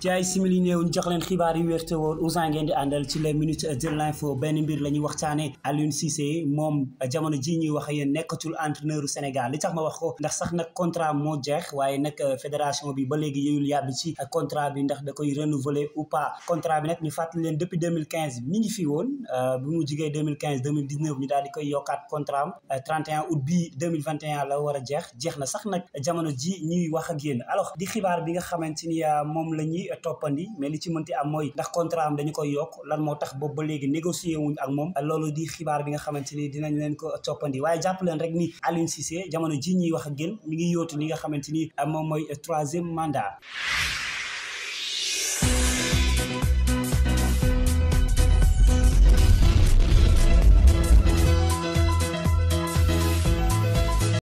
ci ay simili néew ñu jox leen xibaar yu wér te woon Ousin ngeen di àndal ci li tax ma wax ko ndax sax nag contrat moo jeex waaye nag euh, fédération bi ba léegi yeyul yàbbi ci euh, contrat da koy renouveler ou pas contrat bi leen depuis 2015 mi ngi fi woon euh, bu mu jigee 2015 2019 ñu daal di koy yokkaat contrat am 31 a jeex jeex na sax nag jamono ji ñuy wax ak yéen alors di xibaar bi nga xamante moom la toppandi mais li ci mënti am mooy ndax contrat am dañu koy yokk lan moo tax boobu ba léegi négocier wuñ ak moom loolu di xibaar bi nga xamante ni dinañ leen ko toppandi waaye jàpp leen rek ni Aliou Cissé jamono ji ñuy wax a gën mi ngi yóotu ni nga xamante ni moom mooy troisième mandat